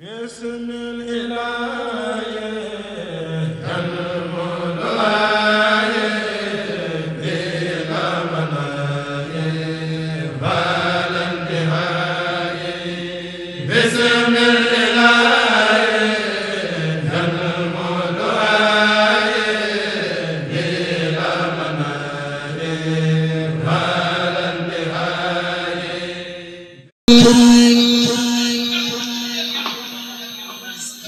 بسم الإله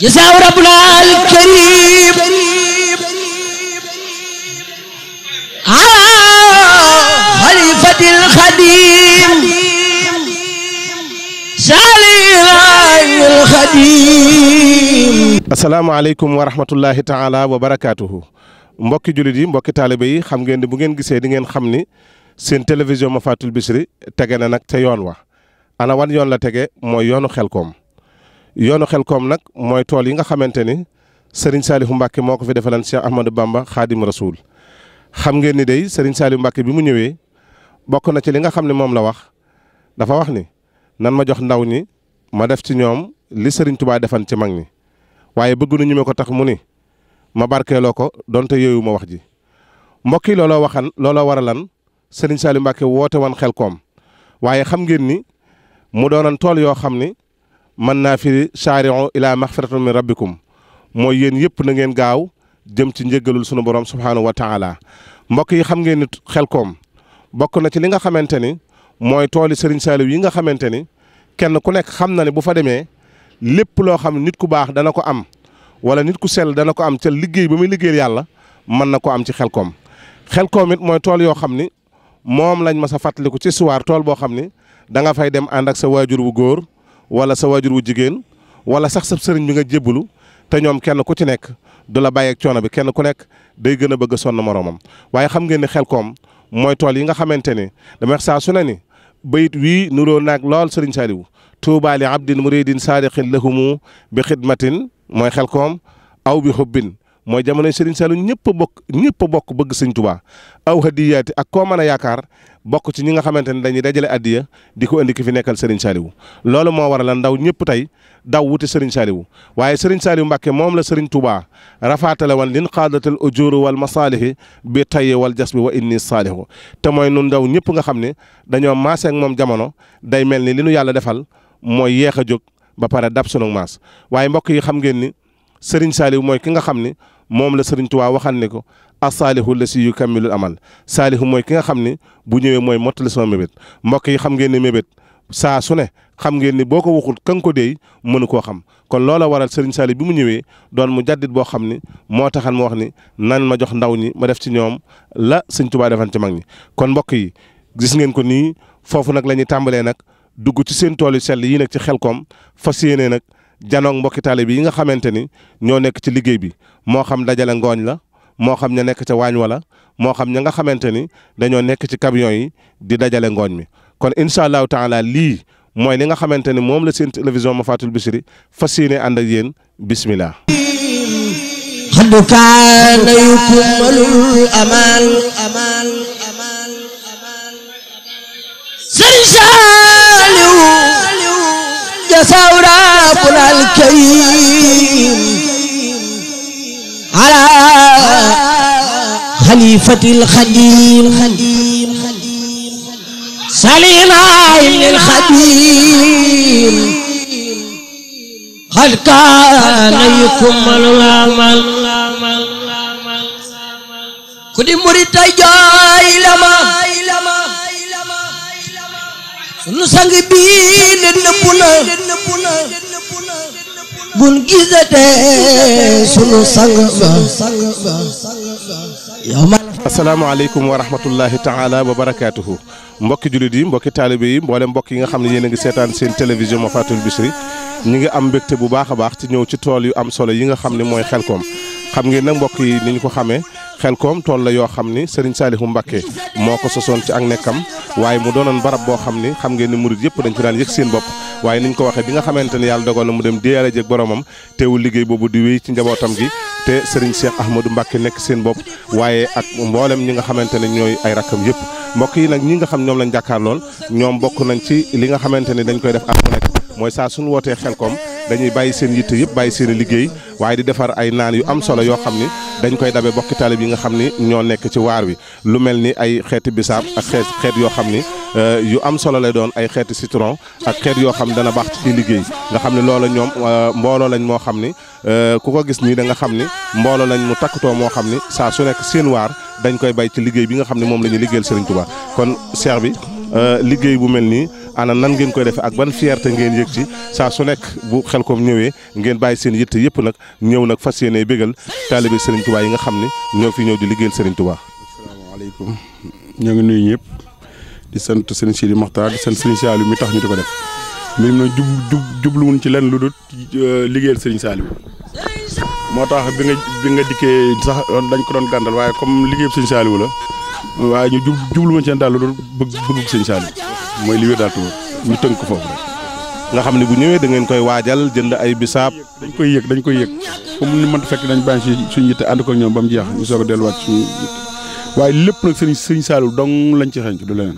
جزاء ربنا الكريم على خليفة الخديم سالي الخديم السلام عليكم ورحمة الله تعالى وبركاته mbokki jullit yi mbokki taalibe yi xam ngeen ni bu ngeen gisee di ngeen xam ni seen télévision Mafatul Bichri tege na nag ca yoon wa ana wan yoon la tege mooy yoonu Xelkom yoonu xel koom nag mooy tool yi nga xamante ni Serigne Saliou Mbacke moo ko fi defalan Cheikh Ahmadou Bamba Khadim Rasoul xam ngeen ni day Serigne Saliou Mbacke bi mu ñëwee bokk na ci li nga xam ne moom la wax dafa wax ni nan ma jox ndaw ñi ma def ci ñoom li sëriñ tubaa defan ci mag ñi waaye bëgg na ñu ko tax mu ni ma barkeeloo ko donte yooyu ma wax ji mbokk yi looloo waxan looloo waralan sëriñ Saliou Mbacke woote xel koom waaye xam ngeen ni mu doonoon tool yoo xam ni man naa fi saari'u ilaa maxfiratin min rabbikum mooy yéen yëpp na ngeen gaaw jëm ci njëggalul sunu borom subhaanahu wa taala mbokk yi xam ngeen ni Xelkom bokk na ci li nga xamante ni mooy tooli Serigne Saliou yi nga xamante ni kenn ku nekk xam na ne bu fa demee lépp loo xam nit ku baax dana ko am wala nit ku sel dana ko am ca liggéey ba muy liggéeyal yàlla mën na ko am ci Xelkom Xelkom it mooy tool yoo xam ni moom lañ mas sa fàttaliku ci suwaar tool boo xam ni da nga fay dem ànd ak sa waajur wu góor. wala sa waajur wu jigéen wala sax sa sëriñ bi nga jébbalu te ñoom kenn ku ci nekk du la bàyyeek coono bi kenn ku nekk day gën a bëgg a sonn moroomam waaye xam ngeen ne Xelkom mooy tool yi nga xamante ni dama wax saa su ne ni bayit wii nuroo naag lool sëriñ Saliou tuubaa li abdin muridin saadiqin lahumu bi xidmatin mooy Xelkom aw bi xubbin mooy jamono Serigne Saliou ñëpp bokk ñëpp bokk bëgg Sëñ Tuubaa aw hadiyaati ak koo man a yaakaar bokk ci ñi nga xamante ne dañuy dajale addiya di ko indi ki fi nekkal Serigne Saliou loolu moo waral ndaw ñëpp tey daw wuti Serigne Saliou waaye Serigne Saliou Mbàkke moom la Serigne Touba rafaatale woon lin xaadatal ujuru wal masaalihi bi teye wal jasbi wa inni saalihu te mooy nu ndaw ñëpp nga xam ne dañoo maase moom jamono day mel ni li nu yàlla defal mooy yeex a jóg ba pare dab sunu maas waaye mbokk yi xam ngeen ni Serigne Saliou mooy ki nga xam ni moom la sëriñ Tuubaa waxal ne ko asaalihu la si yu kammilul amal saalihu mooy ki nga xam ne bu ñëwee mooy mottali sama mébét mbokk yi xam ngeen ne mébét saa su ne xam ngeen ni boo ko waxul kan ko deey mënu koo xam kon loola waral sëriñ Saali bi mu ñëwee doon mu jàddit boo xam ni moo taxan mu wax ni nan ma jox ndaw ñi ma def ci ñoom la sëñ Tuubaa defan ci mag ñi kon mbokk yi gis ngeen ko nii foofu nag lañuy tàmbalee nag dugg ci seen tool yu sell yi nag ci xel fas yéenee nag janoog mbokki bi yi nga xamante ni ñoo nekk ci liggéey bi moo xam dajale ngooñ la moo xam ña nekk ca waañ wala moo xam ña nga xamante ni dañoo nekk ci camion yi di dajale ngooñ mi kon incha allahu taala lii mooy li nga xamante ni moom la seen télévision ma fatul Bichri fas yéene ànd ak yéen bismillah xad kaana ربنا الكريم على خليفة الخليل سلينا ابن الخليل قد كان يكمل العمل كل مريد جاي لما sunu sang bi nëpp na bun gisatee sunu sang ba yow ma asalaamaaleykum wa rahmatullahi taala wa barakaatuhu mbokki jullit yi mbokki taalibe yi mboolem mbokk yi nga xam ne yéen a ngi seetaan seen télévision ma fatul Bichri ñi ngi am mbégte bu baax a baax ci ñëw ci tool yu am solo yi nga xam ne mooy Xelkom xam ngeen nag mbokk yi ni ko xamee koom tool la yoo xam ni Serigne Saliou Mbacké moo ko sosoon ci ak nekkam waaye mu doonoon barab boo xam ni xam ngeen ni murit yëpp dañ fi daan yëg seen bopp waaye niñ ko waxee bi nga xamante ni yàlla dogal na mu dem déyaale jeeg boromam teewul liggéey boobu di wéy ci njabootam gi te Serigne Cheikh Ahmadou Mbacké nekk seen bopp waaye ak mboolem ñi nga xamante ne ñooy ay rakkam yëpp mbokk yi nag ñi nga xam ñoom lañ jàkkaar lool ñoom bokk nañ ci li nga xamante ni dañ koy def at mu nekk mooy saa suñu wootee Xelkom dañuy bàyyi seen yitte yëpp bàyyi seeni liggéey waaye di defar ay naan yu am solo yoo xam ni dañ koy dabe bokki talib yi nga xam ni ñoo nekk ci waar wi lu mel ni ay xeeti bisaab ak xeet xeet yoo xam ni euh, yu am solo lay doon ay xeeti citron ak xeet yoo xam dana baax ci liggéey nga xam ne loola ñoom euh, mbooloo lañ moo xam ni euh, ku ko gis nii da nga xam ni mbooloo lañ mu takkatoo moo xam ni saa su nekk seen waar dañ koy bay ci liggéey bi nga xam ne moom la ñuy liggéeyal Serigne Touba kon seex bi liggéey bu mel nii ana nan ngeen koy defee ak ban fierté ngeen yéeg ci saa su nekk bu Xelcom ñëwee ngeen bàyyi seen yitte yëpp nag ñëw nag fas yéene bégal taalibe Serigne Touba yi nga xam ni ñoo fi ñëw di liggéeyal Serigne Touba. asalaamaaleykum ñoo ngi nuyu ñëpp di sant Serigne Sidi Mokhtar di sant Serigne Saliou tax ñu di ko def mbir mi nag jub jub jubluwun ci lenn lu dul euh, liggéeyal Serigne Saliou moo tax bi nga bi nga dikkee sax dañ ko doon gàndal waaye comme liggéeyub sëñ Saaliw la waaye ñu jub jubluwuñ seen daal loolu bëgg bëggug sëñ Saaliw mooy li wér daal ñu tënk ko foofu nga xam ne bu ñëwee da ngeen koy waajal jënd ay bisaab. dañ koy yëg dañ koy yëg comme ni mën fekk dañ bàyyi si suñu yitte ànd ko ñoom ba mu jeex ñu soog a delluwaat suñu waaye lépp nag sëñ sëñ Saaliw dong lañ ci xenc du leneen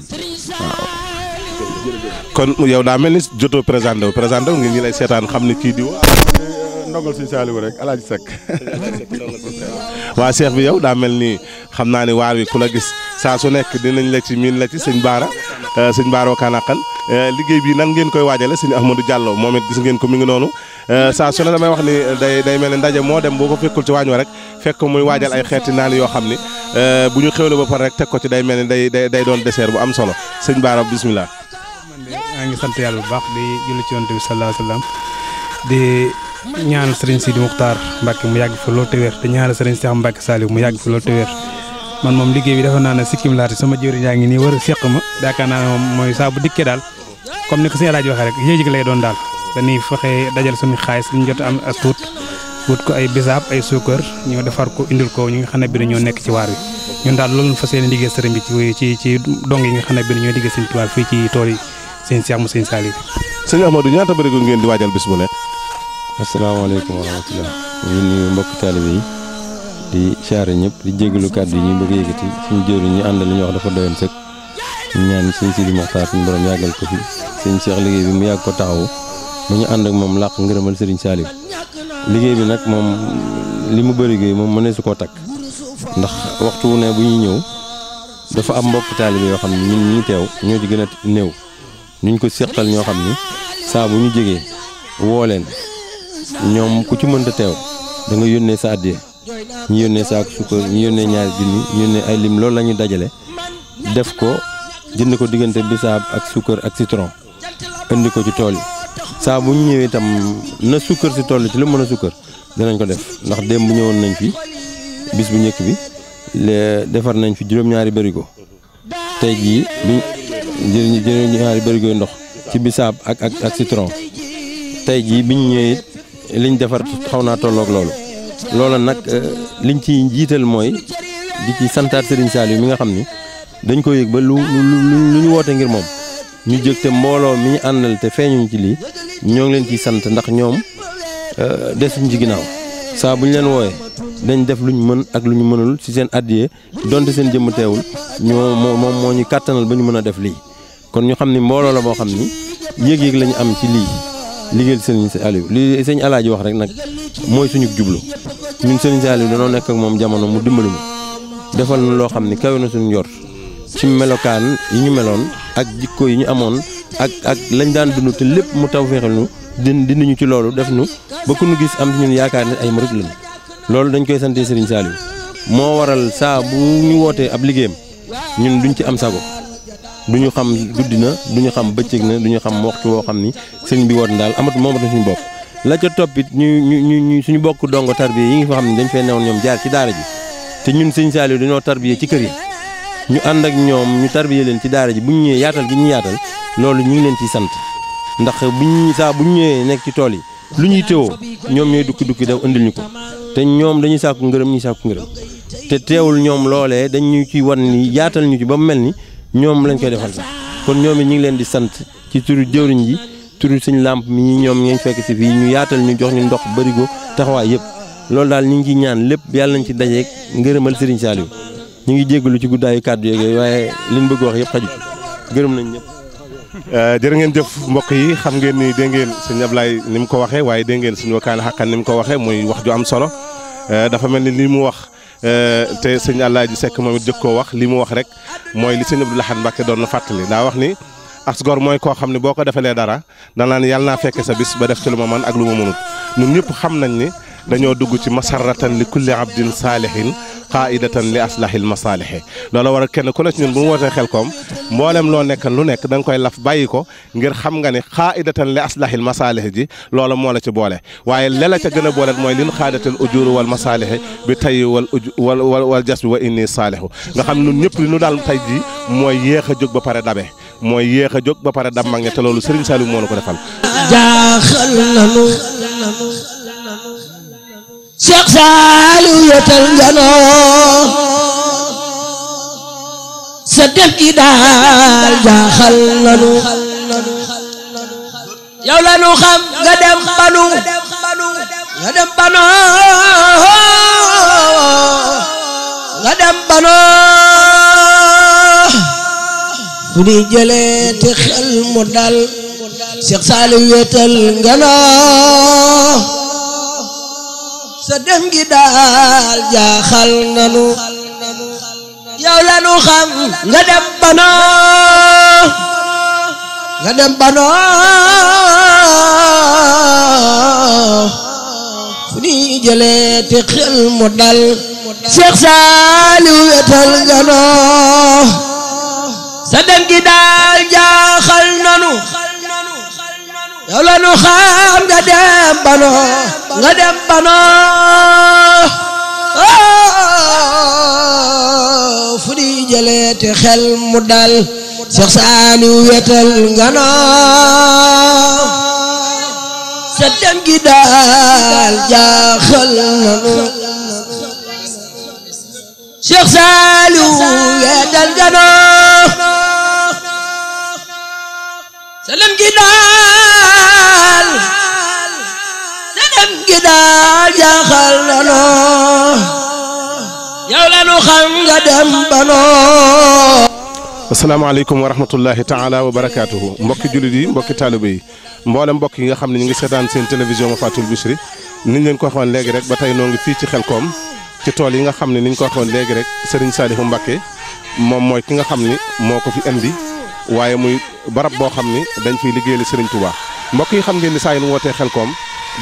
waaw. kon yow daa mel ni jotoo présenté wu présenté wu ngeen ñu lay seetaan xam ne kii di. ndogal sëñ Saliou rek alaaji waa Cheikh bi yow daa mel ni xam naa ne waar wi ku la gis saa su nekk dinañ la ci miin la ci sëñ Baara euh, sëñ Baara Wakanakal euh, liggéey bi nan ngeen koy waajale sëñ Ahmadou Diallo moom gis ngeen ko mi ngi noonu euh, saa su ne damay wax ni day day mel ni ndaje moo dem boo ko fekkul ci waañ wa rek fekk muy waajal ay xeeti naan yoo xam ni bu ñu xewle ba pare rek teg ko ci day mel ni day day day doon dessert bu am solo sëñ Baara bismillah maa ngi bu baax di julli ci yonent bi sallallahu alayhi ñaanal sëriñ Sidi Muxtaar Mbacke mu yàgg fa lool te wér te ñaanal sëriñ Cheikh Mbacke Saliou mu yàgg fa lool te man moom liggéey bi dafa naa ne sikkim laati sama jëriñ yaa ngi nii war a seq ma yaakaar naa moom mooy saa dikkee daal comme ni ko sëñ Alaaji waxee rek yéeg lay doon daal dañuy fexe dajal suñu xaalis suñu jot am as tuut wut ko ay bisaab ay suukar ñoo defar ko indil ko ñu nga xam ne bi dañoo nekk ci waar wi ñun daal loolu fas yéene liggéey sëriñ bi ci ci ci dong tool yi sëñ Cheikh mu sëñ Saliou di waajal bis bu ne asalaamaaleykum wa rahmatulah ñu nuyu mbokk taalibe yi di siyaare ñëpp di jégalu kàddu yi ñu bëgg yëkkati suñu jëriñ ñu àndal li ñuy wax dafa doyoon sëkk ñu ñaan suñ Sidi Moxtaar suñu borom yàggal ko fi suñ Cheikh liggéey bi mu yàgg ko taxawu ba ñu ànd ak moom làq ngërëmal Sëriñ Saliou liggéey bi nag moom li mu bëri géey moom mënee su koo takk ndax waxtu ne bu ñuy ñëw dafa am mbokk taalibe yoo xam ne ñun ñu teew ñoo ci gën a néew ñu ko seqal ñoo xam ni saa bu ñu jógee woo leen ñoom ku ci mënta teew da nga yónnee sa addiya ñu yónnee saako sukkar ñu yónnee ñaari junni ñu yónnee ay lim loolu la ñu dajale def ko jënd ko diggante bisaab ak sukkar ak citron indi ko ci tool yi saa bu ñu ñëwee itam na sukkar si tool yi ci lu mën a sukkar danañ ko def ndax démb ñëwoon nañ fi bis bu njëkk bi defar nañ fi juróom-ñaari bërigo tey jii bi juróom-ñaari bërigo ndox ci bisaab ak ak ak citron tey jii biñ ñëwee li ñu defar xaw naa tolloog loolu loola nag euh, liñ ci jiital mooy di ci santaat Serigne Saliou mi nga xam ni dañ ko yëg ba lu ñu woote ngir moom ñu jëg te mbooloo mi ñu àndal te feeñuñ ci lii ñoo ngi leen ciy sant ndax ñoom euh, desuñ ci ginnaaw saa bu ñu leen wooyee dañ def lu ñu mën ak lu ñu mënul ci seen addiye donte seen jëmm teewul ñoo moom moo ñu kàttanal ba ñu mën a def lii kon ñu xam ni mbooloo la boo xam ni yëg-yëg lañu am ci lii liggéey liggéeyal si Aliou li sëñ Alaaji wax rek nag mooy suñu jublu ñun sëriñ Aliou danoo nekk ak moom jamono mu dimbali mu defal na loo xam ni kawe na suñu yor ci melokaan yi ñu meloon ak jikko yi ñu amoon ak ak lañ daan dund te lépp mu taw feexal nu din dinañu ci loolu def nu ba ku nu gis am ñun yaakaar ne ay murit lañu loolu dañ koy sante sëriñ Saliou moo waral saa bu ñu wootee ab liggéeyam ñun duñ ci am sago du ñu xam guddina na du ñu xam bëccëg na du ñu xam waxtu woo xam ni sëriñ bi woon daal amat moomatu suñu bopp. la ca toppit ñu ñu ñu suñu bokk dongo tarbiya yi nga xam ne dañ fee newoon ñoom jaar ci daara ji te ñun sëñ Saliou dañoo tarbiya ci kër yi ñu ànd ak ñoom ñu tarbiya leen ci daara ji bu ñu ñëwee yaatal gi ñu yaatal loolu ñu ngi leen ciy sant ndax bu ñu saa bu ñu ñëwee nekk ci tool yi lu ñuy teewoo ñoom ñooy dukki dukki daw indil ñu ko te ñoom dañuy sàkku ngërëm ñuy sàkku ngërëm te teewul ñoom loolee dañ ñu ciy wan ni yaatal ñu ci ba mu mel ni ñoom lañ koy defal sax kon ñoom it ñu ngi leen di sant ci turu jëwriñ ji turu suñ làmp mi ñi ñoom ngeen fekk si fii ñu yaatal ñu jox ñu ndox bërigo taxawaay yëpp loolu daal ñu ngi ciy ñaan lépp yàlla nañ ci dajeeg ngërëmal Serigne Saliou ñu ngi jéggalu ci guddaayu kàddu yeeg waaye liñ bëgg wax yëpp xaju gërëm nañ ñëpp. Euh, jërë ngeen jëf mbokk yi xam ngeen ni dégg ngeen sëñ Ablaye ni mu ko waxee waaye dégg ngeen suñu wakkaan xaqan ni mu ko waxee muy wax ju am solo euh, dafa mel ni li mu wax Eh, te sëñ Alaaji Seck moom it jëkk koo wax lii mu wax rek mooy li sëñ Abdou Lahad Mbacke doon na fàttali daa wax ni as gor mooy koo xam ne boo ko defalee dara danaan yàlla naa fekke sa bis ba def ci lu ma man ak lu ma mënut ñun ñëpp xam nañ ni dañoo dugg ci masarratan li kulli abdin saalihin qaidatan li aslahil masaalihi loola war a kenn ku ne ci ñun bu mu wootee xel koom mboolem loo nekkan lu nekk da nga koy laf bàyyi ko ngir xam nga ni ne qaidatan li aslahil masaalihi ji loola moo la ci boole waaye lela ca gën a boole mooy lin xaadatil ujuru wal masaalihi bi tey wal uju wal wal jas bi wa inni saalihu nga xam ñun ñëpp li ñu daal tey ji mooy yéex a jóg ba pare dabe mooy yéex a jóg ba pare dam mag ñe te loolu Serigne Saliou moo ko defal jaaxal Cheikh Saliou yëtal njanoo sa dem gi daal jaaxal nanu yow la nu xam nga banu nga dem banu nga dem di jëlee te xel mu dal Cheikh Saliou sa dem gi daal jaaxal nanu yow lanu xam nga dem banoo nga dem banoo fu ni jëlee te xel mu dal Cheikh Saliou wetal nga noo sa dem gi daal jaaxal nanu yow la nu xam nga dem bano nga dem bano oh, te xel mu dal Cheikh Saliou wetal nga noo sa dem gi daal jaaxal nanu Cheikh gi xam nga dem banoo asalaamaaleykum wa rahmatullahi taala wa barakaatuhu mbokki jullit yi mbokki taalibe yi mboolem mbokk yi nga xam ne ñu ngi seetaan seen télévision ma fatul Bichri niñ leen ko waxoon léegi rek ba tey noo ngi fii ci Xelkom ci tool yi nga xam ne niñ ko waxoon léegi rek Serigne Saliou Mbacké moom mooy ki nga xam ni moo ko fi indi waaye muy barab boo xam ni dañ fiy liggéeyal Serigne Touba mbokk yi xam ngeen ni saa yu wootee Xelkom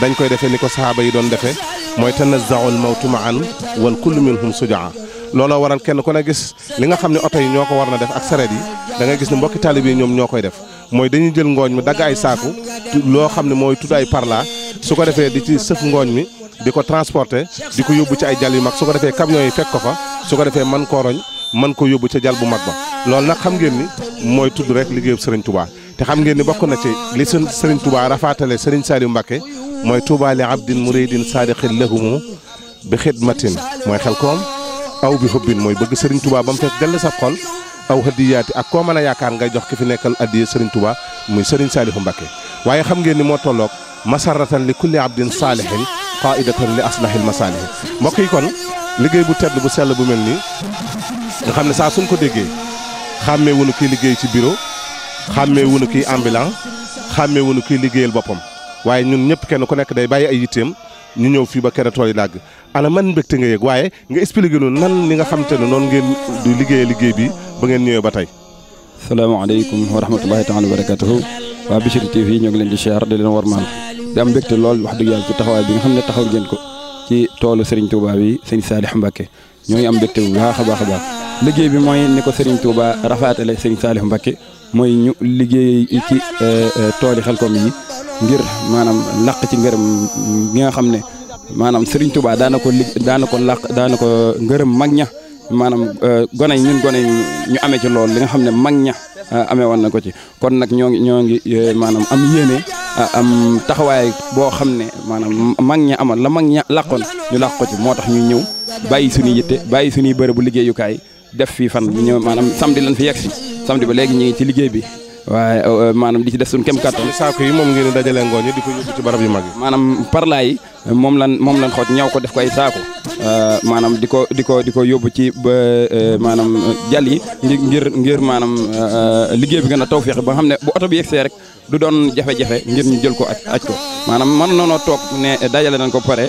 dañ koy defee ni ko saxaaba yi doon defee mooy tanazaul mawtu maan wal kullu minhum sujaa looloo waral kenn ku ne gis li nga xam ne oto yi ñoo ko war na def ak sareet yi dangay ngay gis ne mbokki taalib yi ñoom ñoo koy def mooy dañuy jël ngooñ mi dagg ay saaku loo xam ne mooy tudd ay parla su ko defee di ci sëf ngooñ mi di ko transporter di ko yóbbu ci ay jal yu mag su ko defee camion yi fekk ko fa su ko defee man koo roñ man ko yóbbu ca jal bu mag ba loolu nag xam ngeen ni mooy tudd rek liggéeyu Serigne Touba te xam ngeen ni bokk na ci li Serigne Touba rafaatale Serigne Saliou Mbacké mooy tuubaa li abdin muridin saadiqin lahumu bi xidmatin mooy xel koom aw bi xubbin mooy bëgg sëriñ tubaa ba mu fees dell sa xol aw hadiyaati ak koo mën a yaakaar ngay jox ki fi nekkal addiye sëriñ Touba muy sëriñ Saalihu Mbakke waaye xam ngeen ni moo tolloog masaratan li kulli abdin saalihin qaidatan li aslahil masaalihi mbokk yi kon liggéey bu tedd bu sell bu mel nii nga xam ne saa suñ ko déggee xàmmee wunu kii liggéey ci bureau xàmmee wunu kii ambulant xàmmee kii liggéeyal boppam waaye ñun ñëpp kenn ku nekk day bàyyi ay yitteem ñu ñëw fii ba kere tool yi dàgg ana man mbégte nga yëg waaye nga expliqué lu nan li nga xam te ne noonu ngeen di liggéeyee liggéey bi ba ngeen ñëwee ba tey. salaamaaleykum wa rahmatulahi taala wa barakatuhu waa Bichri TV ñoo ngi leen di siyaar di leen warmaal di am mbégte lool wax dëgg yàlla ci taxawaay bi nga xam ne taxaw ngeen ko ci toolu Serigne Touba bi Serigne Salih Mbacke ñoo ngi am mbégte bu baax a baax a baax liggéey bi mooy ni ko Serigne Touba rafaatale Serigne Salih Mbacke mooy ñu liggéey ci euh, euh, tooli Xelkom yi ngir maanaam làq ci ngërëm bi nga xam ne maanaam Serigne Touba daana ko lig daana ko làq daana ko ngërëm mag ña maanaam euh, gone yi ñun gone ñu amee ci loolu li nga xam ne mag ña euh, amee woon na ko ci kon nag ñoo ngi ñoo ngi euh, maanaam am yéene am taxawaay boo xam ne maanaam mag ña amoon la mag ña làqoon ñu làq ko ci moo tax ñu ñëw bàyyi suñuy yitte bàyyi suñuy bërëbu liggéeyukaay def fii fan ñu ñëw maanaam samedi lañ fi yegg si samedi ba léegi ñu ngi ci liggéey bi waaye euh, euh, maanaam di ci def suñu kem kattan saako yi moom ngeen dajale ngooñ yi di ko yóbbu ci barab yu mag yi maanaam euh, moom lan moom lan xooj ñaw ko def ko ay saako maanaam di ko di ko di ko yóbbu ci ba maanaam jal yi ngir ngir maanaam liggéey bi gën a taw feexe ba xam ne bu oto bi yegsee rek du doon jafe-jafe ngir ñu jël ko aj aj ko maanaam man noonu toog ne dajale nañ ko pare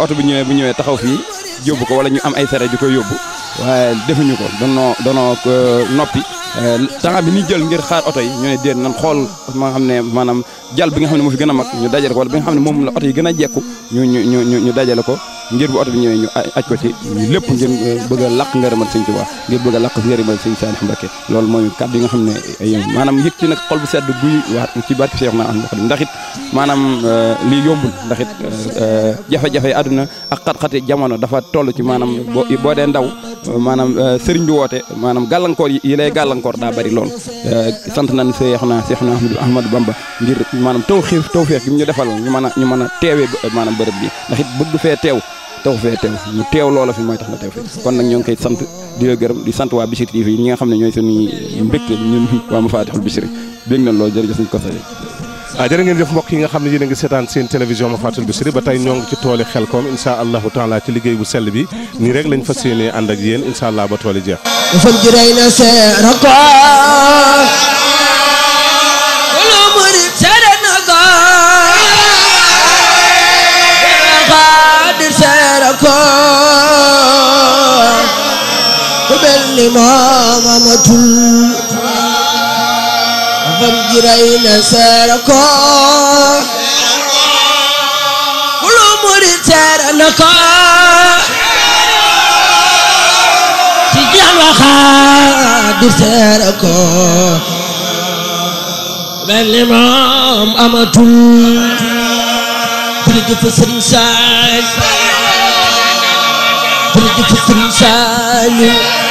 oto bu ñëwee bu ñëwee taxaw fii yóbbu ko wala ñu am ay sere di ko yóbbu waaye defuñu ko danoo danoo euh, noppi euh, temps bi ni jël ngir xaar oto yi ñu ne déet nan xool ma xam ne maanaam jàll bi nga xam ne moo gën a mag ñu dajale ko wala bi nga xam ne moom la oto yi gën a jekku ñu ñu ñu ñu dajale ko ngir bu oto bi ñëwee ñu aj ko ci lépp ngir eh, bëgg a làq ngërëmal sëñ Tuubaa ngir bëgg a làq ngërëmal sëñ Saliou Mbacké loolu mooy kàddu yi xam ne maanaam yëg ci nag xol bu sedd guy waa ci barke Cheikh naa am wax ndax it maanaam eh, lii yombul ndax it eh, jafe àdduna ak xat jamono dafa toll ci maanaam boo dee ndaw maanaam sëriñ bi woote maanaam gàllankoor yi lay gàllankoor daa bari lool sant nañ Seex na Seex na Ahmadou Bamba ngir maanaam taw xiir taw feex gi ñu defal ñu mën a ñu mën a teewee maanaam bërëb bi ndax it bëgg fee teew taw fee teew ñu fi mooy tax na teew fi kon nag ñoo ngi koy sant di la gërëm di sant waa Bichri TV nga xam ne ñooy suñu mbégte ñun waa Mafatihul Bichri bég nañ loolu jërëjëf suñu kosa ah jërë ngeen jëf mbokk yi nga xam ne yéen seetaan seen télévision Mafatihul Bichri ba tey ñoo ngi ci tooli Xelkom incha allahu taala ci liggéey bu sell bi nii rek lañ fas yéenee ànd ak yéen incha allah ba tooli jeex المظلمة فانجرين سارقا كل مريد سارقا تجعل وخادر سارقا بالإمام أمتون برجف سرين سالي برجف سرين سالي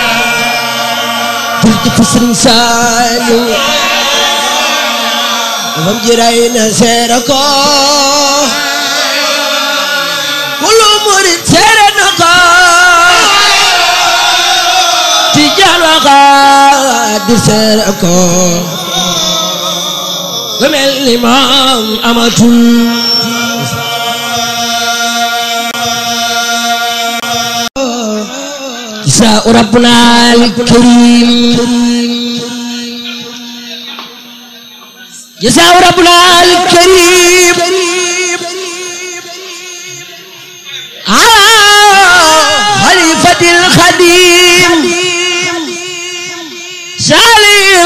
barke Sëriñ Saaliw mam ji rey na seere ko kulu murit seere na ko Tijaan wa Xaadir seere ko ku mel ni moom amatul جاء ربنا الكريم جزاء ربنا الكريم على خليفة الخديم سالي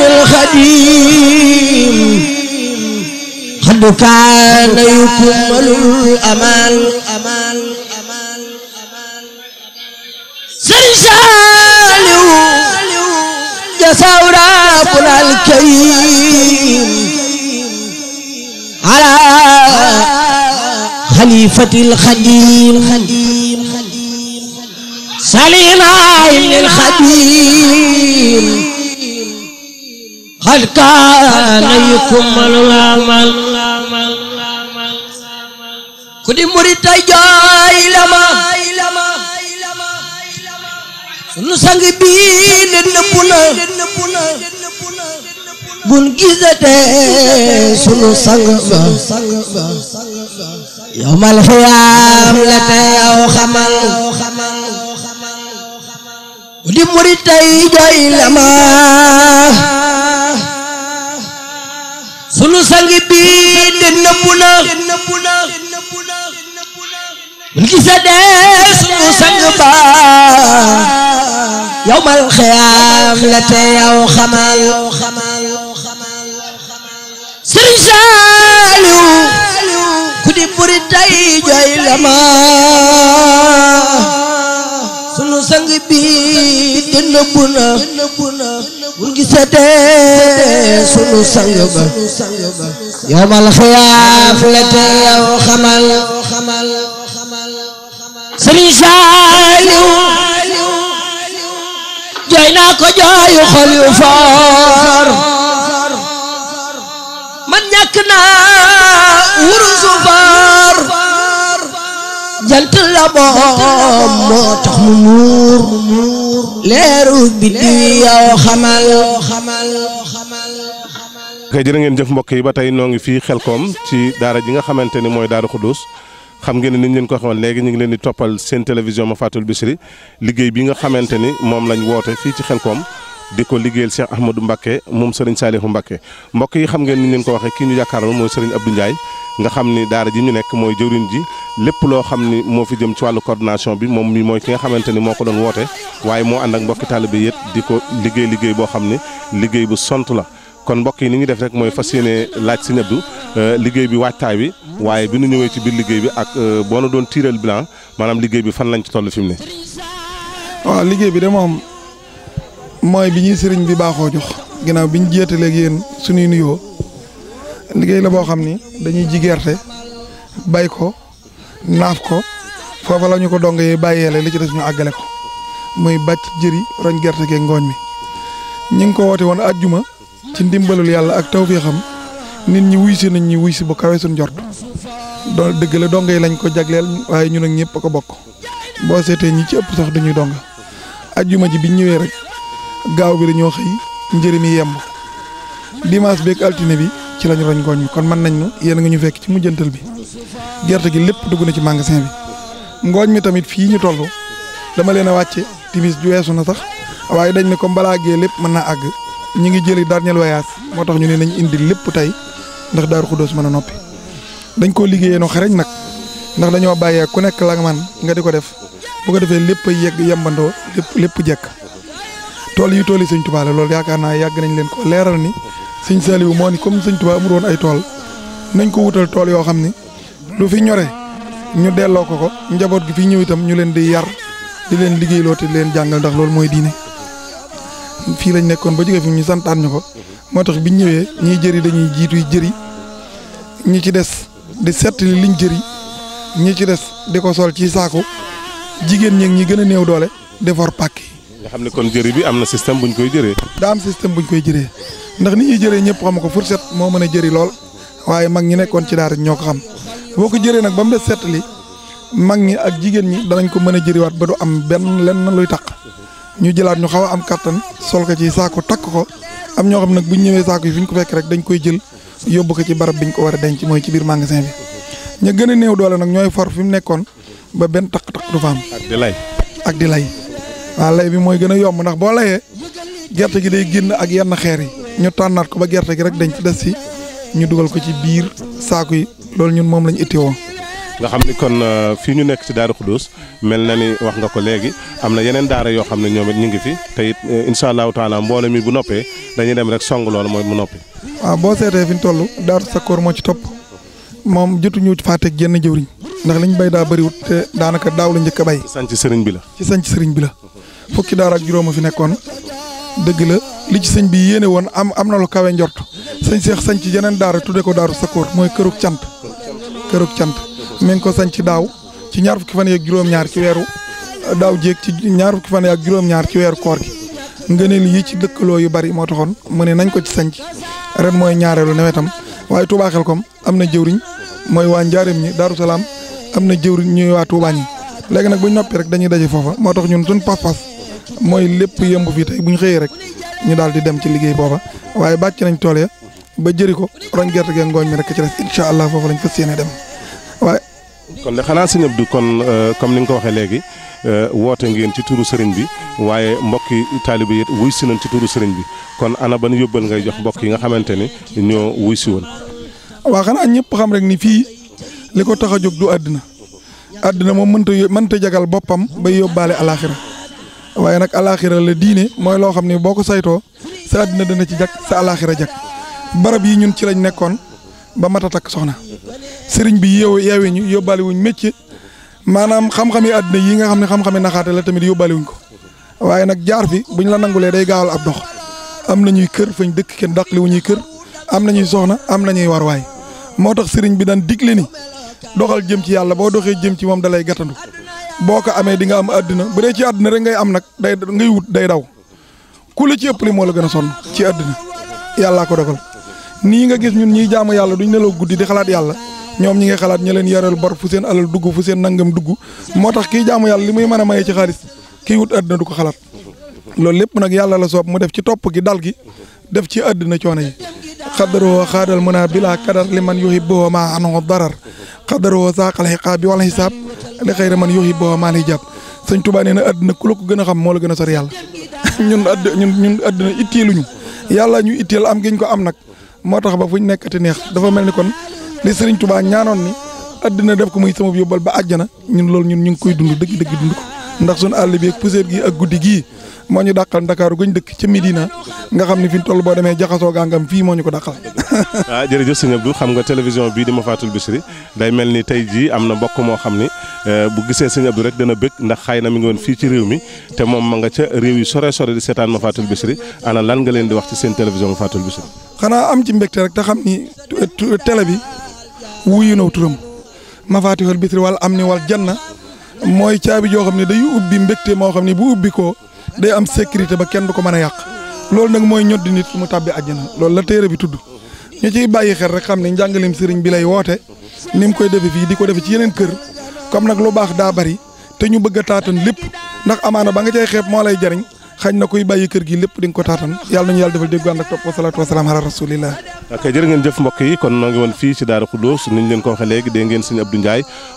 الخديم قد كان يكمل الأمان الخليفة الخديم سلينا ابن الخديم هل كان يكمل العمل كل مريد جاي لما sunu sang bii le nëbbu na bun gisatee sunu sang ba yowmal xiyaam la tey aw xamal di murit tey jooy la ma sunu sang bi na mun gisa dee sunu sang ba yowmal xiyaam la tey aw xamal Sëriñ Saaliw di buri tay jooy la ma sunu sang bi te nëbbu na bu gisatee sunu sang ba yawmal xiyaaf la te yow xamal Sëriñ Saaliw jooy naa ko jooyu xol yu foor man ñàkk naa wurusu fa jant la moom moo tax mu muur leeru ngeen jëf mbokk yi ba tey noo ngi fii koom ci daara ji nga xamante ni mooy Daaru Xuddus xam ngeen ni ñu leen ko xamal léegi ñu ngi leen di toppal seen télévision ma fàttul Bichri liggéey bi nga xamante ni moom lañu woote fii ci xelkoom di ko liggéeyal Cheikh Ahmadou Mbacké moom Serigne Saliou Mbacké mbokk yi xam ngeen ni ñu leen ko waxee kii ñu jàkkaaral mooy Serigne Abdou Ndiaye nga xam ni daara ji ñu nekk mooy jëwriñ ji lépp loo xam ni moo fi jëm ci wàllu coordination bi moom mi mooy ki nga xamante ni moo ko doon woote waaye moo ànd ak mbokki taalibe yëpp di ko liggéey liggéey boo xam ni liggéey bu sont la kon mbokk yi ni ñuy def rek mooy fas yéene laaj si ñëpp euh, liggéey bi waajtaay bi waaye bi nu ñëwee ci biir liggéey bi ak euh, boo na doon tiiral bilan maanaam liggéey bi fan lañ ci toll fi mu ne. waaw liggéey bi de moom mooy bi ñuy sëriñ bi baaxoo jox ginnaaw bi ñu jiite léegi suñuy nuyoo liggéey la boo xam ni dañuy ji gerte bay ko naaf ko foofa la ñu ko dong yi bàyyeele li ci des ñu àggale ko mooy bàcc jëri roñ gerte geeg ngooñ mi. ñi ngi ko woote woon àjjuma ci ndimbalul yàlla ak tawféexam nit ñi wuy si nañ ñi wuy si bu kawe suñ jort dëgg la dong yi lañ ko jagleel waaye ñun ak ñëpp ko bokk boo seetee ñi ci ëpp sax dañuy dong àjjuma ji biñ ñëwee rek gaaw bi dañoo xëy njëriñ yemb dimanche beeg altine bi. ci lañ roñ gooñ bi kon man nañ nu yéen nga ñu fekk ci mujjantal bi gerte gi lépp dugg na ci magasin bi ngooñ mi tamit fii ñu toll dama leen a wàcce timis ju weesu na sax waaye dañ ne comme balaa gee lépp mën na àgg ñu ngi jëli dernier voyage moo tax ñu ne nañ indi lépp tey ndax Daaru Xuddoos mën a noppi dañ koo liggéeyee no xareñ nag ndax dañoo bàyyee ku nekk la man nga di ko def bu ko defee lépp yegg yembandoo lépp lépp jekk tool yi tool yi Sëñ Tuubaa loolu yaakaar naa yàgg nañ leen ko leeral ni sëñ Saliou moo ni comme sëñ Tuubaa amul woon ay tool nañ ko wutal tool yoo xam ni lu fi ñore ñu delloo ko ko njaboot gi fi ñëw itam ñu leen di yar di leen liggéeyloo te leen jàngal ndax loolu mooy diine fii lañ nekkoon ba jógee fi ñu santaan ñu ko moo tax biñ ñëwee ñiy jëri dañuy jiituy jëri ñu ci des di settali liñ jëri ñi ci des di ko sol ci saaku jigéen ñi ñi gën a néew doole defar pàkk nga xam ne kon jëri bi am na système bu ñu koy jëree. daa am système bu ñu koy jëree ndax ni ñuy jëree ñëpp xam ko fourchette moo mën a jëri lool waaye mag ñi nekkoon ci daara ñoo ko xam boo ko jëree nag ba mu des set mag ñi ak jigéen ñi danañ ko mën a jëriwaat ba du am benn lenn luy taq ñu jëlaat ñu xaw a am kattan sol ko ci saako takk ko am ñoo xam nag bu ñu ñëwee saako yi fi ñu ko fekk rek dañ koy jël yóbbu ko ci barab bi ñu ko war a denc mooy ci biir magasin bi ña gën néew doole nag ñooy for fi mu nekkoon ba benn taq-taq du fa am. ak di lay ak waaw ah, lay bi mooy gën a yomb ndax boo layee gerte gi day génn ak yenn xeer yi ñu tànnaat ko ba gerte gi rek dañ ci des si ñu dugal ko ci biir saaku yi loolu ñun moom lañu itti woo nga xam ni kon euh, fii ñu nekk ci Daaru Xudóos mel na ni wax nga ko léegi am na yeneen daara yoo xam ne ñoom it ñu ngi fi te it euh, incha allahu taala mboole mi bu noppee dañuy dem rek song loolu mooy mu noppi. waaw ah, boo seetee fi ñu toll Daaru Sakkoor moo ci topp moom jotuñu faa teg jenn jëwriñ ndax liñ bay daa bëriwut daanaka daaw la njëkk a bay. ci bi la. ci sanc sëriñ bi la. fukki daara ak juróom a fi nekkoon dëgg la li ci sëñ bi yéene woon am am na lu kawe njort sëñ Cheikh sañ ci yeneen daara tudde ko daaru Sakkoor mooy këruk cant këruk cant mi ko sañ ci daaw ci ñaar fukki fan yi ak juróom-ñaar ci weeru daaw jéeg ci ñaar fukki fan yi ak juróom-ñaar ci weeru koor gi ngëneel yi ci dëkkaloo yu bari moo taxoon mu nañ ko ci sañc ren mooy ñaareelu nawetam waaye Touba Xelkom am na jëwriñ mooy waa njaareem ñi Daaru Salaam am na jëwriñ ñuy waa Touba léegi nag bu ñu noppee dañuy daje foofa moo tax ñun suñ pas mooy lépp yëmb fii tey bu ñu xëyee rek ñu daal di dem ci liggéey booba waaye bàcc nañ tool ya ba jëri ko roñ gerte gee ngooñ mi rekk ci des allah foofu lañ fas yéene dem waaye. kon de xanaa sëñ Abdou kon euh, comme ni nga ko waxee léegi euh, woote ngeen ci tuuru sëriñ bi waaye mbokki taalibe yi wuy si nañ ci turu sëriñ bi kon ana ban yóbbal ngay jox mbokk yi nga xamante ni ñoo wuy si woon. waa xanaa ñëpp xam rek ni fii li ko tax a jóg du àddina àddina moom mënta mënta jagal boppam bay yóbbaale alaaxira waaye nag alaaxira la diine mooy loo xam ne boo ko saytoo sa àddina dana ci jag sa alaaxira jag barab yi ñun ci lañ nekkoon ba mat a soxna sëriñ bi yeewu yeewee ñu yóbbaale wuñ métier maanaam xam-xam yi àddina yi nga xam ne xam-xam yi naxaate la tamit yóbbaale wuñ ko waaye nag jaar fi buñ la nangulee day gaawal ab dox am nañuy kër fañ dëkk kenn dàqli wu ñuy kër am nañuy soxna am nañuy warwaay moo tax sëriñ bi daan digle ni doxal jëm ci yàlla boo doxee jëm ci moom dalay gàttandu boo ko amee di nga am àdduna bu dee ci àdduna rek ngay am nag day ngay wut day daw ku la ci ëpp li moo la gën a sonn ci àddina yàllaa ko dogal nii nga gis ñun ñiy jaamu yàlla duñ nelaw guddi di xalaat yàlla ñoom ñi nga xalaat ña leen yaral bor fu seen alal dugg fu seen nangam dugg moo tax kiy jaamu yàlla li muy mën a maye ci xaalis kiy wut àddina du ko xalaat loolu lépp nag yàlla la soob mu def ci topp gi dal gi def ci àddina coono yi xadaruhu xaadal muna bila kadar li man yuhibbuhu ma anhu darar xadaruhu saaqal xiqaabi wal xisaab li xayri man yuhibbuhu ma li jàpp sëñ Tuubaa nee na àddina ku la ko gën a xam moo la gën a sori yàlla ñun add ñun ñun àddina itteeluñu yàlla ñu itteel am giñ ko am nag moo tax ba fu ñu nekkati neex dafa mel ni kon li sëriñ Tuubaa ñaanoon ni àddina def ko muy sama yóbbal ba àjjana ñun loolu ñun ñu ngi koy dund dëgg dëgg dund ko ndax suñu àll bi ak poussière gi ak guddi gii moo ñu dàqal ndakaaru guñ dëkk ca Medina nga xam ne fi ñu toll boo demee jaxasoo gàngam fii moo ñu ko dàqal. ah jërëjëf sëñ Abdou xam nga télévision bii di Mafatul Bichri day mel ni tey jii am na mbokk moo xam ni eh, bu gisee sëñ Abdou rek dana bëgg ndax xay na mi ngi woon fii ci réew mi te moom ma nga ca réew yu sore sore di seetaan Mafatul Bichri ana lan nga leen di wax ci seen télévision Mafatul Bichri. xanaa am ci mbégte rek te xam ni télé bi wuyu na turam Mafatul Bichri wal am ni wal janna mooy caabi joo xam ne day ubbi mbégte moo xam ne bu ubbi ko day am sécurité ba kenn du ko mën a yàq lool nag mooy ñoddi nit mu tàbbi àjjana loolu la téere bi tudd ñu ciy bàyyi xel rek xam ne njàngaleem sëriñ bi lay woote ni mu koy defe fii di ko defe ci yeneen kër comme nag lu baax daa bari te ñu bëgg a taatan lépp ndax amaana ba nga cay xeeb moo lay jariñ xañ na koy bàyyi kër gi lépp di nga ko taatan yàlla nañu yàlla defal déggu ànd ak topp wasalaatu wasalaam ala rasulillah ok ngeen jëf mbokk yi kon noo ngi woon fii ci Daaru Xudoos ni ñu leen ko waxee léegi dégg ngeen sëñ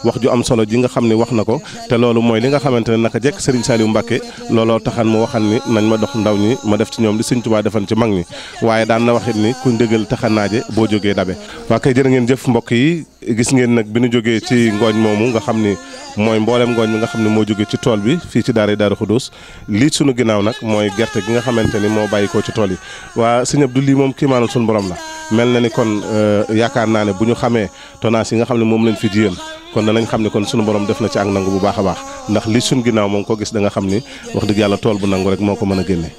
wax ju am solo ji nga xam ne wax na ko te loolu mooy li nga xamante ne naka jekk Serigne Saliou Mbacke looloo taxan mu waxan ni nañ ma dox ndaw ñi ma def ci ñoom li Sëñ Tuubaa defan ci mag ñi waaye daan na waxit ni kuñ dëggal taxanaaje boo jógee dabe waa kay jërë ngeen jëf mbokk yi gis ngeen nag bi ñu jógee ci ngooñ moomu nga xam ni mooy mboolem ngooñ mi nga xam ne moo jógee ci tool bi fii ci daara Daaru Xudoos lii sunu ginnaaw nag mooy gerte gi nga xamante ni moo bàyyi ko ci tool yi waa sëñ Abdou lii moom kii maanaam suñu borom la mel na ni kon euh, yaakaar naa ne bu ñu xamee tonnage yi nga xam ne moom lañ fi jiyal kon danañ xam ne kon sunu borom def na ci ak nangu bu baax a baax ndax li suñ ginnaaw moom ko gis da nga xam ni wax dëgg yàlla tool bu nangu rek moo ko mën a génne.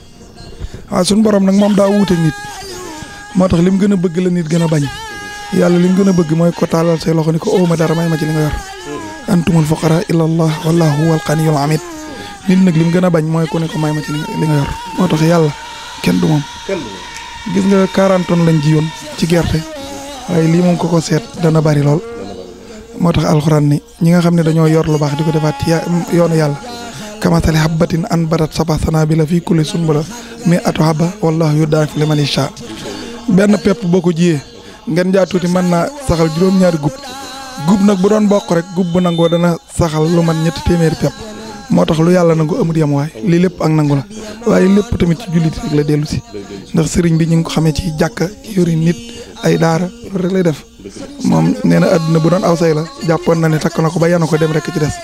waaw sunu borom nag moom daa wuute nit moo tax li mu gën a bëgg la nit gën a bañ yàlla li mu gën a bëgg mooy ko taalal loxo ni ko ooma dara may ma ci li nga yor mm-hmm. antumul fuqara ilallah wallahu huwal ganiyul hamid nit nag li mu gën a bañ mooy ku ne ko may ma ci li nga yor moo tax yàlla kenn du moom. gis nga 40 tonnes lañ ji yoon ci gerte waaye lii moom ko ko seet dana bari lool moo tax alxuraan ni ñi nga xam ne dañoo yor lu baax di ko defaat ci yoonu yàlla kamasali habbatin an batat bi sanabila fii kulli sunbula mi atu habba wallahu yudaa'ifu liman yashaa benn pepp boo ko jiyee ngeen jaa tuuti man naa saxal juróom-ñaari gub gub nag bu doon bokk rek gub bu nangoo dana saxal lu man ñetti téeméeri pepp moo tax lu yàlla nangu amut yam waay lii lépp ak nangu la waaye lépp tamit ci jullit rek la dellu si ndax sëriñ bi ñu ngi ko xamee ci jàkka yori nit ay daara loolu rek lay def moom nee na àdduna bu doon aw say la jàppoon na ne takk na ko ba yanu ko dem rek ci des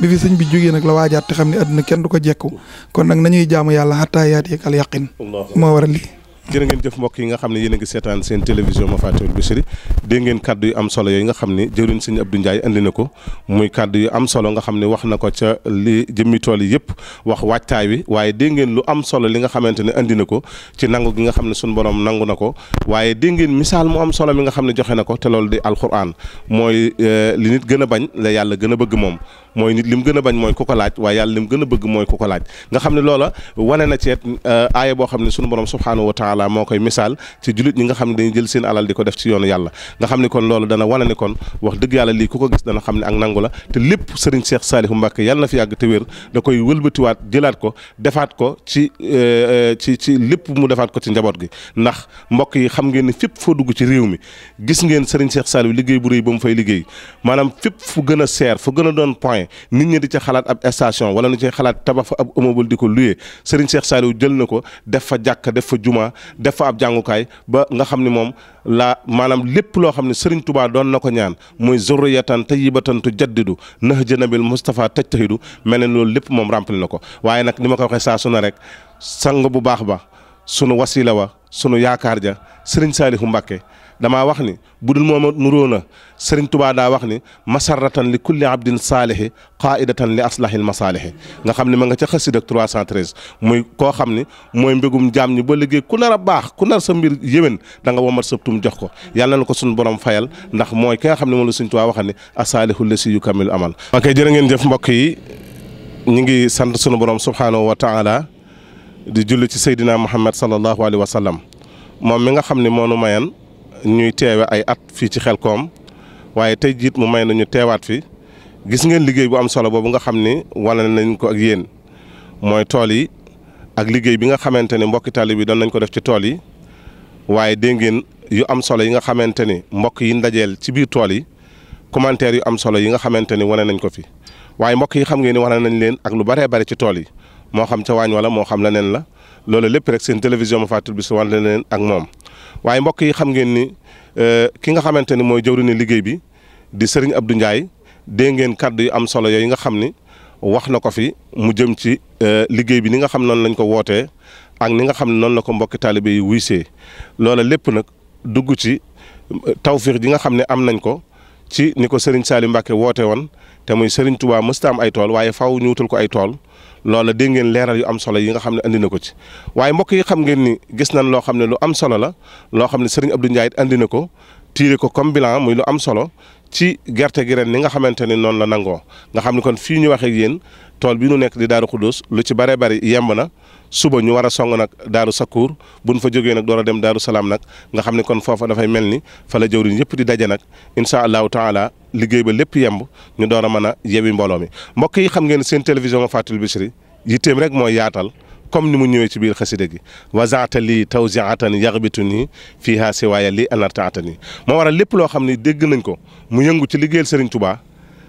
bi fi sëñ bi jógee nag la waajaat te xam ne àdduna kenn du ko jekku kon nag nañuy jaamu yàlla xattaa yaat yeeg al yaqin moo waral lii jërë ngeen jëf mbokk yi nga xam ne yéen a ngi seetaan seen télévision Mafatihul Bichri dégg ngeen kàddu yu am solo yooyu nga xam ne jëriñ sëñ Abdou Ndiaye andi na ko muy kàddu yu am solo nga xam ne wax na ko ca li jëmmi tool yi yëpp wax waajtaay wi waaye dégg ngeen lu am solo li nga xamante ne andi na ko ci nangu gi nga xam ne suñu borom nangu na ko waaye dégg ngeen misaal mu am solo mi nga xam ne joxe na ko te loolu di alquran mooy euh, li nit gën a bañ la yàlla gën a bëgg moom mooy nit lim gën a bañ mooy ku ko laaj waaye yàlla lim gën a bëgg mooy ku ko laaj nga xam ne loola wane na ceet euh, aaya boo xam ne suñu borom subhanahu wa taala taala moo koy misaal ci jullit ñi nga xam ne dañuy jël seen alal di ko def ci yoonu yàlla nga xam ne kon loolu dana wane ne kon wax dëgg yàlla lii ku ko gis dana xam ne ak nangu la te lépp sëriñ Cheikh Saliou Mbacke yàlla na fi yàgg te wér da koy wëlbatiwaat jëlaat ko defaat ko ci euh, euh, ci ci lépp mu defaat ko ci njaboot gi ndax mbokk yi xam ngeen ne fépp foo dugg ci réew mi gis ngeen sëriñ Cheikh Saliou liggéey bu réy ba mu fay liggéey maanaam fépp fu gën a seer fu gën a doon point nit ñi di ca xalaat ab station wala ñu ci xalaat tabax fa ab immeuble di ko louer sëriñ Cheikh Saliou jël na ko def fa jàkka def fa juma def fa ab jàngukaay ba nga xam ni moom laa maanaam lépp loo xam ne Serigne Touba doon na ko ñaan muy zurriyatan tayyibatan tujaddidu nahja nabil Moustapha tajtahidu mel ne loolu lépp moom rempli na ko waaye nag ni ma ko waxee saa rek sang bu baax ba sunu wasila wa sunu yaakaar ja Serigne Saliou Mbacké damaa wax ni bu dul mooma nuróo na sëriñ tubaa daa wax ni masarratan li kulli abdin saalihi qaidatan li aslahil masaalihi nga xam ne ma nga ca xasida ak 313 muy koo xam ni mooy mbégum jaam ñi ba liggéey ku nar a baax ku nar sa mbir yéwén da nga womat sëptum jox ko yàlla na ko suñu borom fayal ndax mooy ki nga xam ne moom la sëriñ tubaa waxal ni asaalihu lasi yu kamil amal ok jërë ngeen jëf mbokk yi ñu ngi sant sunu borom subhaanahu wa taala di julli ci seydina muhammad sallallahu alayhi wa sallam moom mi nga xam ne moonu mayan ñuy teewe ay at fii ci xel koom waaye tey jiit mu may nañu teewaat fi gis ngeen liggéey bu am solo boobu nga xam ni wane nañ ko ak yéen mooy tool yi ak liggéey bi nga xamante ne mbokki tali bi doon nañ ko def ci tool yi waaye dégg ngeen yu am solo yi nga xamante ni mbokk yi ndajeel ci biir tool yi commentaire yu am solo yi nga xamante ni wane nañ ko fi waaye mbokk yi xam ngeen ni nañ leen ak lu baree bari ci tool yi moo xam ca waañ wala moo xam leneen la loolu lépp rek seen télévision ma fàttali bi su wan leen ak moom waaye mbokk yi xam ngeen ni euh, ki nga xamante ni mooy jëwriñu liggéey bi di Serigne Abdou Ndiaye dégg ngeen kàddu yu am solo yooyu nga xam ni wax na ko fi mu jëm ci euh, liggéey bi ni nga xam noonu lañ ko wootee ak ni nga xam ne noonu la ko mbokki taalibe yi wuysee loola lépp nag dugg ci euh, tawfiix ji nga xam ne am nañ ko ci ni ko sëriñ saali Mbacke woote woon te muy Serigne Touba mësta am ay tool waaye faw ñu wutal ko ay tool loola dégg ngeen leeral yu am solo yi nga xam ne andi na ko ci waaye mbokk yi xam ngeen ni gis nañ loo xam ne lu am solo la loo xam ne sëriñ ab Ndiaye it andi na ko tiire ko comme bilan muy lu am solo ci gerte gi ren ni nga xamante ne noonu la nangoo nga xam ne kon fii ñu waxee ak yéen tool bi ñu nekk di Daaru Xuddoos lu ci bare bari yemb na suba ñu war a song nag daaru sakkuur buñ fa jógee nag door a dem daaru salaam nag nga xam ne kon foofa dafay mel ni fa la jëwriñ yëpp di daje nag incha allahu taala liggéey ba lépp yemb ñu door a mën a yewi mbooloo mi mbokk yi xam ngeen seen télévision Fathul Bichri yitteem rek moo yaatal comme ni mu ñëwee ci biir xasida gi wazaata lii tawziatan yaxbitu nii fiiha siwaaya lii anartaata nii moo waral lépp loo xam ne dégg nañ ko mu yëngu ci liggéeyal Serigne Touba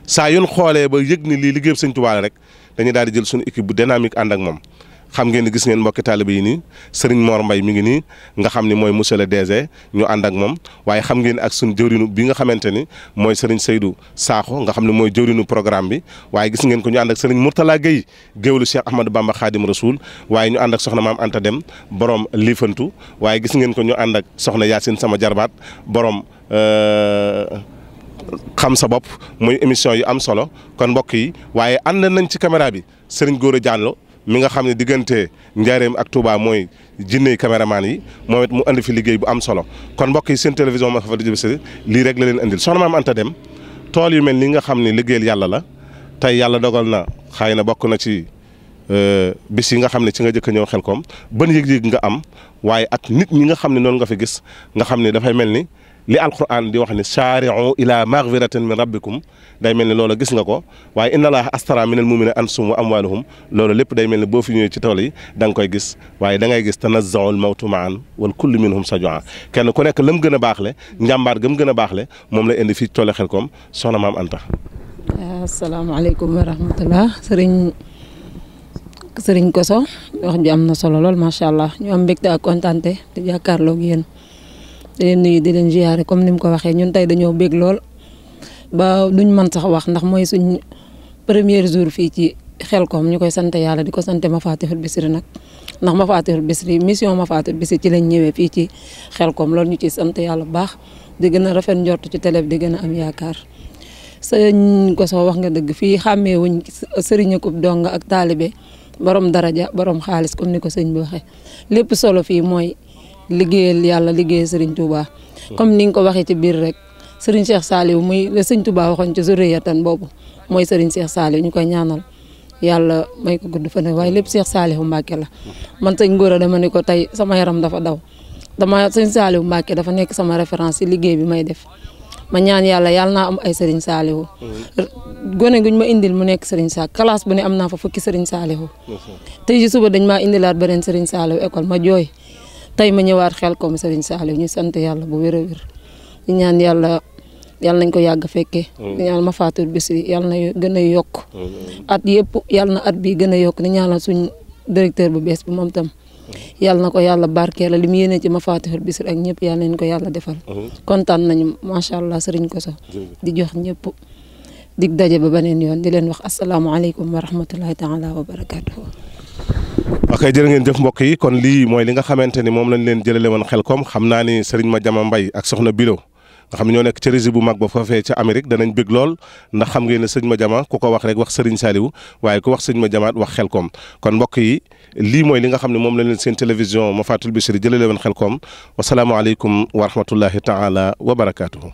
saa yoon xoolee ba yëg ni lii liggéeyal Serigne Touba rek dañuy daal di jël équipe bu dynamique ànd moom xam ngeen ni gis ngeen mbokki taalibe yi nii sëriñ Mor Mbaye mu ngi nii nga xam ni mooy monsieur le DG ñu ànd ak moom waaye xam ngeen ak suñ jëwrinu bi nga xamante ni mooy sëriñ Seydou Sakho nga xam ne mooy jëwrinu programme bi waaye gis ngeen ko ñu ànd ak sëriñ Mourtala Gueye géewlu Cheikh Ahmadou Bamba Khadim Rasoul waaye ñu ànd ak soxna maam Anta Dem borom liifantu waaye gis ngeen ko ñu ànd ak soxna Yacine sama jarbaat borom euh, xam sa bopp mooy émission yu am solo kon mbokk yi waaye ànd nañ ci caméra bi sëriñ Gora Diallo mi nga xam ne diggante Njaareem ak Touba mooy jinney caméraman yi moom it mu indi fi liggéey bu am solo kon mbokk yi seen télévision ma fa jëbsi lii rek la leen indil soxna maam Anta Dem tool yu mel ni nga xam ni liggéeyal yàlla la tey yàlla dogal na xëy na bokk na ci euh, bis yi nga xam ne ci nga jëkk ñëw xel koom ban yëg-yëg nga am waaye ak nit ñi nga xam ne noonu nga fi gis nga xam ni dafay mel ni li alquran di wax ni saari'u ila maghfiratin min rabbikum day mel ni loola gis nga ko waaye inna allaha astara minal mu'minina anfusahum wa amwaalahum loolu lépp day mel ni boo fi ñëwee ci tool yi da nga koy gis waaye dangay gis te gis tanazzaul mawtu ma'an wal kullu sa sajaa kenn ku nekk lam gën a baaxle ga gam gën a le moom la indi fi toole xel koom soxna maam ta asalaamaaleykum wa rahmatulah sëriñ sëriñ Koso wax ji na solo lool macha allah ñu am di leen nuyu di leen ziare comme ni mu ko waxee ñu tey dañoo bég lool ba duñ mën sax wax ndax mooy suñ premier jour fii ci kom ñu koy sant yàlla di ko sant Mafatihul Bichri nag ndax Mafatihul Bichri mission Mafatihul Bichri ci lañ ñëwee fii ci Xelcom loolu ñu ciy sant yàlla bu baax di gën a rafet njort ci télé di gën a am yaakaar sëñ ko soo wax nga dëgg fii xàmmee wuñ sëriñ ak dong ak taalibe borom daraja borom xaalis comme ni ko sëñ bi waxee lépp solo fii mooy liggéeyal yàlla liggéeyal Serigne Touba. comme ni nga ko waxee ci biir rek Serigne Cheikh Saliou muy la Serigne Touba waxoon ci zurriyatan boobu mooy Serigne Cheikh Saliou ñu koy ñaanal yàlla may ko gudd fan waaye lépp Cheikh Saliou Mbacke la. man sëñ Gora dama ne ko tey sama yaram dafa daw dama sëñ Saliou Mbacke dafa nekk sama référence ci liggéey bi may def. ma ñaan yàlla yàlla naa am ay sëriñ saalihu gone guñ ma indil mu nekk sëriñ saak classe bu ne am naa fa fukki sëriñ saalihu tey ji suba dañ maa indilaat beneen sëriñ saalihu école ma jooy tey ma ñëwaat xel comme Serigne Saliou ñu sant yàlla bu wér a wér di ñaan yàlla yàlla nañ ko yàgg fekkee. Mm. di ñaan ma faatur bis bi yàlla na gën a yokk. Mm, mm, at yëpp yàlla na at bi gën a yokk di ñaanal suñ directeur bu bees bu moom tam. yàlla na ko yàlla barkeela li mu yéene ci ma faatur bis ak ñëpp yàlla nañ ko yàlla defal. kontaan nañu macha allah ko Kosso di jox ñëpp. dig daje ba beneen yoon di leen wax asalaamaaleykum wa rahmatullahi taala wa barakaatu. ok jërë ngeen jëf mbokk yi kon lii mooy li nga xamante ni moom lañ leen jëlale woon xel kom xam naa ni Serigne Madiama Mbaye ak Soxna Bilo nga xam ne ñoo nekk ca régie ko wax rek wax Serigne Saliou waaye ku wax sëñ Madiama wax xelkom kon mbokk yi lii mooy li nga xam ne moom lañ leen seen télévision ma fatul Bichri jëlale woon xelkom wasalaamaaleykum wa rahmatullahi taala wa barakaatuhu